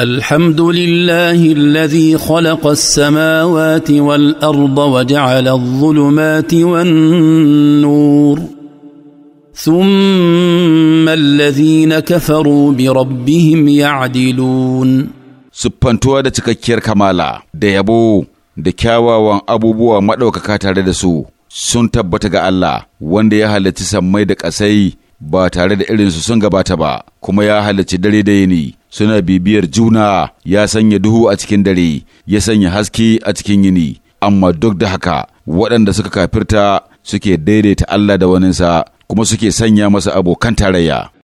الحمد لله الذي خلق السماوات والارض وجعل الظلمات والنور ثم الذين كفروا بربهم يعدلون siffantuwa da cikakkiyar kamala da yabo da kyawawan abubuwa maɗaukaka tare da su sun tabbata ga Allah wanda ya halarci sammai da ƙasai ba tare da irinsu sun gabata ba kuma ya halarci dare da yini suna bibiyar juna ya sanya duhu a cikin dare ya sanya haske a cikin yini amma duk da haka waɗanda suka kafirta suke daidaita Allah da waninsa kuma suke sanya masa abokan tarayya